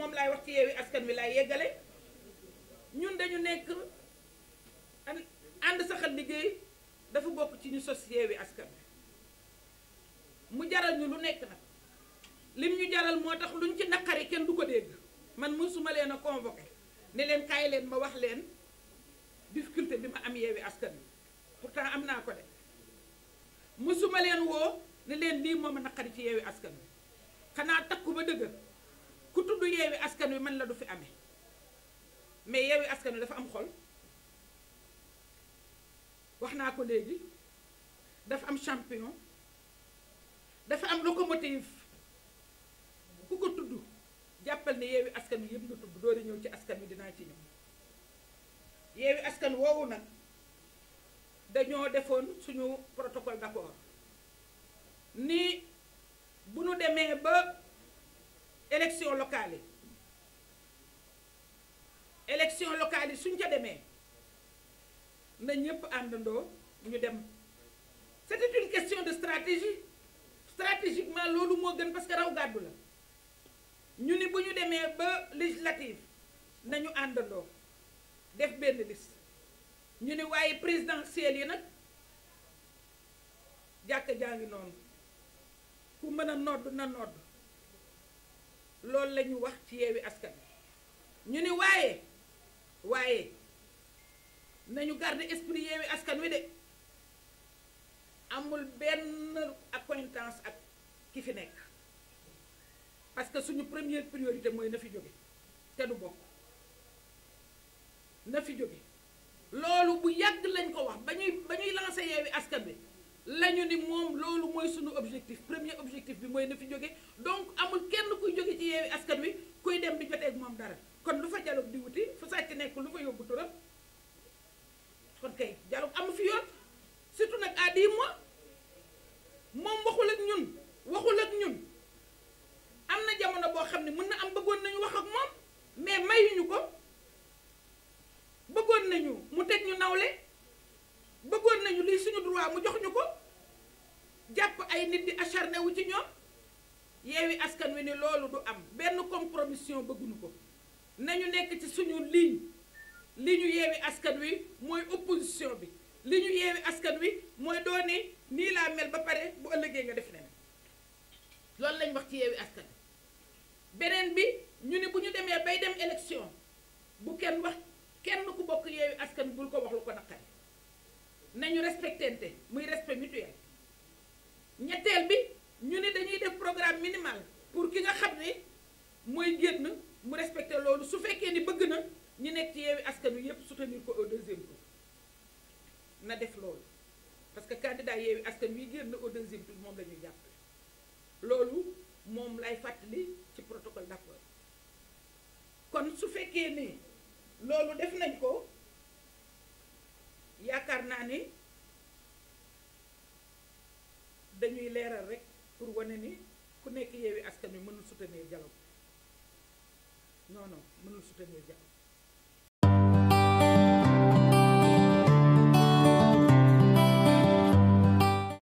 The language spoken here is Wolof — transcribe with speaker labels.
Speaker 1: moom laay wax ci yeewi askan wi laay yeggale ñun dañu nekk ànd saxal liggéey dafa bokk ci ñu sos yeewi askan wi mu jaral ñu lu nekk nag lim ñu jaral moo tax luñ ci naqari kenn du ko dégg man mësuma leen a convoqué ni leen kaay leen ma wax leen difficulté bi ma am yeewi askan wi pourtant am naa ko de mësuma leen woo ne leen lii moom a naqari ci yeewi askan wi xanaa takku ba dëgër ku tudd yeewi askan wi mën la du fi amee mais yeewi askan wi dafa am xol wax naa ko léegi dafa am champion dafa am locomotive ku ko tudd jàppal ne yeewi askan wi yëpp nga tudd doori ñëw ci askan wi dinaa ci ñëw yeewi askan woowu nag dañoo defoon suñu protocole d'accord ni bu nu demee ba élection locale yi élection locale yi suñ ca demee na ñëpp àndandoo ñu dem c'était une question de stratégie stratégiquement loolu moo gën parce que raw gàddu la ñu ni bu ñu demee ba législative nañu àndandoo def benn liste ñu ni waaye présidentielle yi nag jàkk jaa ngi noonu ku mën a nodd na nodd loolu la ñu wax ci yeewi askan ñu ni waaye waaye nañu garder esprit yeewi askan wi de amul benn accointance ak ki fi nekk parce que suñu première priorité mooy na fi jóge te du bokk na fi jóge loolu bu yàgg lañ ko wax ba ñuy ba ñuy nañu ni moom loolu mooy suñu objectif premier objectif bi mooy na fi jóge donc amul kenn ku jóge ci yeewi askan wi kuy dem di jotee ak moom dara kon lu fa dialogue di wuti fu sàcc nekk lu fa yóbbu turam kon kay dialogue amu fi yoon surtout nag à dix mois moom waxul ak ñun waxul ak ñun am na jamono boo xam ne mën na am bëggoon nañu wax ak moom mais mayuñu ko bëggoon nañu mu teg ñu nawle bëggoon nañu lii suñu droit mu jox ñu ko ay nit di acharné wu ci ñoom yeewi askan wi ni loolu du am benn compromission bëgguñu ko nañu nekk ci suñu ligne li ñu yeewi askan wi mooy opposition bi li ñu yeewi askan wi mooy doone nii laa mel ba pare bu ëllëgee nga def leneen loolu lañ wax ci yeewi askan wi beneen bi ñu ni bu ñu demee bay dem élection bu kenn wax kenn ku bokk yeewi askan bul ko wax lu ko naqari nañu respectente pour ki nga xam ne mooy génn mu respecté loolu su fekkee ni bëgg na ñu nekk ci yeewi askan wi yépp soutenir ko au deuxième tour na def loolu parce que candidat yeewi askan wi génn au deuxième tour moom la ñuy jàppale loolu moom lay fàttali ci protocole d'accord kon su fekkee ni loolu def nañ ko yaakaar naa ni dañuy leeral rek pour wane ni ku nekk yeewi askan wi mënul soutenir dialogue non non mënul soutenir dialogue